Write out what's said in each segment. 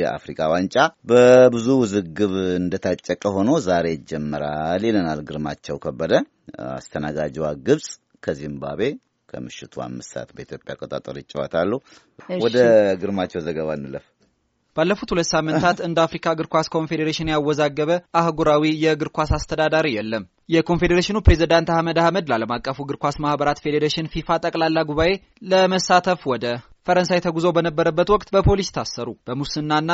የአፍሪካ ዋንጫ በብዙ ውዝግብ እንደታጨቀ ሆኖ ዛሬ ይጀመራል ይለናል ግርማቸው ከበደ። አስተናጋጅዋ ግብጽ ከዚምባብዌ ከምሽቱ አምስት ሰዓት በኢትዮጵያ አቆጣጠር ይጫወታሉ። ወደ ግርማቸው ዘገባ እንለፍ። ባለፉት ሁለት ሳምንታት እንደ አፍሪካ እግር ኳስ ኮንፌዴሬሽን ያወዛገበ አህጉራዊ የእግር ኳስ አስተዳዳሪ የለም። የኮንፌዴሬሽኑ ፕሬዚዳንት አህመድ አህመድ ለዓለም አቀፉ እግር ኳስ ማህበራት ፌዴሬሽን ፊፋ ጠቅላላ ጉባኤ ለመሳተፍ ወደ ፈረንሳይ ተጉዘው በነበረበት ወቅት በፖሊስ ታሰሩ። በሙስናና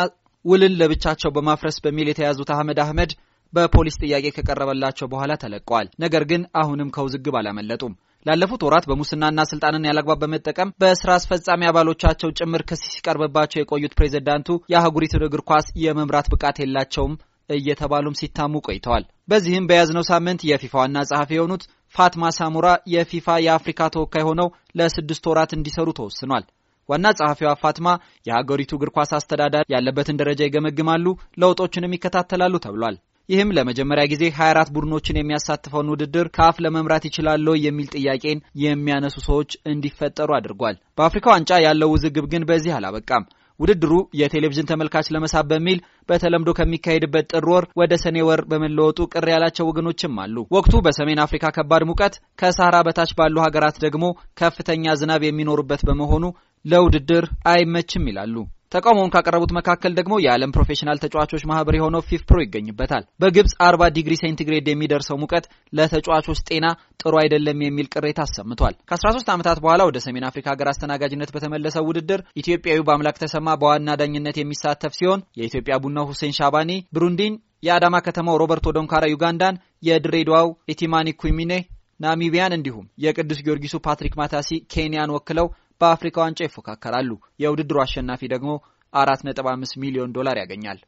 ውልን ለብቻቸው በማፍረስ በሚል የተያዙት አህመድ አህመድ በፖሊስ ጥያቄ ከቀረበላቸው በኋላ ተለቀዋል። ነገር ግን አሁንም ከውዝግብ አላመለጡም። ላለፉት ወራት በሙስናና ስልጣንን ያላግባብ በመጠቀም በስራ አስፈጻሚ አባሎቻቸው ጭምር ክስ ሲቀርብባቸው የቆዩት ፕሬዝዳንቱ የአህጉሪቱን እግር ኳስ የመምራት ብቃት የላቸውም እየተባሉም ሲታሙ ቆይተዋል። በዚህም በያዝነው ሳምንት የፊፋ ዋና ጸሐፊ የሆኑት ፋትማ ሳሙራ የፊፋ የአፍሪካ ተወካይ ሆነው ለስድስት ወራት እንዲሰሩ ተወስኗል። ዋና ጸሐፊዋ ፋትማ የሀገሪቱ እግር ኳስ አስተዳዳሪ ያለበትን ደረጃ ይገመግማሉ፣ ለውጦችንም ይከታተላሉ ተብሏል። ይህም ለመጀመሪያ ጊዜ 24 ቡድኖችን የሚያሳትፈውን ውድድር ካፍ ለመምራት ይችላሉ የሚል ጥያቄን የሚያነሱ ሰዎች እንዲፈጠሩ አድርጓል። በአፍሪካ ዋንጫ ያለው ውዝግብ ግን በዚህ አላበቃም። ውድድሩ የቴሌቪዥን ተመልካች ለመሳብ በሚል በተለምዶ ከሚካሄድበት ጥር ወር ወደ ሰኔ ወር በመለወጡ ቅር ያላቸው ወገኖችም አሉ። ወቅቱ በሰሜን አፍሪካ ከባድ ሙቀት፣ ከሳህራ በታች ባሉ ሀገራት ደግሞ ከፍተኛ ዝናብ የሚኖሩበት በመሆኑ ለውድድር አይመችም ይላሉ። ተቃውሞውን ካቀረቡት መካከል ደግሞ የዓለም ፕሮፌሽናል ተጫዋቾች ማህበር የሆነው ፊፍፕሮ ይገኝበታል። በግብፅ 40 ዲግሪ ሴንቲግሬድ የሚደርሰው ሙቀት ለተጫዋቾች ጤና ጥሩ አይደለም የሚል ቅሬታ አሰምቷል። ከ13 ዓመታት በኋላ ወደ ሰሜን አፍሪካ ሀገር አስተናጋጅነት በተመለሰው ውድድር ኢትዮጵያዊው በአምላክ ተሰማ በዋና ዳኝነት የሚሳተፍ ሲሆን የኢትዮጵያ ቡናው ሁሴን ሻባኒ ብሩንዲን፣ የአዳማ ከተማው ሮበርቶ ዶንካራ ዩጋንዳን፣ የድሬዳዋው ኢቲማኒ ኩሚኔ ናሚቢያን እንዲሁም የቅዱስ ጊዮርጊሱ ፓትሪክ ማታሲ ኬንያን ወክለው በአፍሪካ ዋንጫ ይፎካከራሉ። የውድድሩ አሸናፊ ደግሞ አራት ነጥብ አምስት ሚሊዮን ዶላር ያገኛል።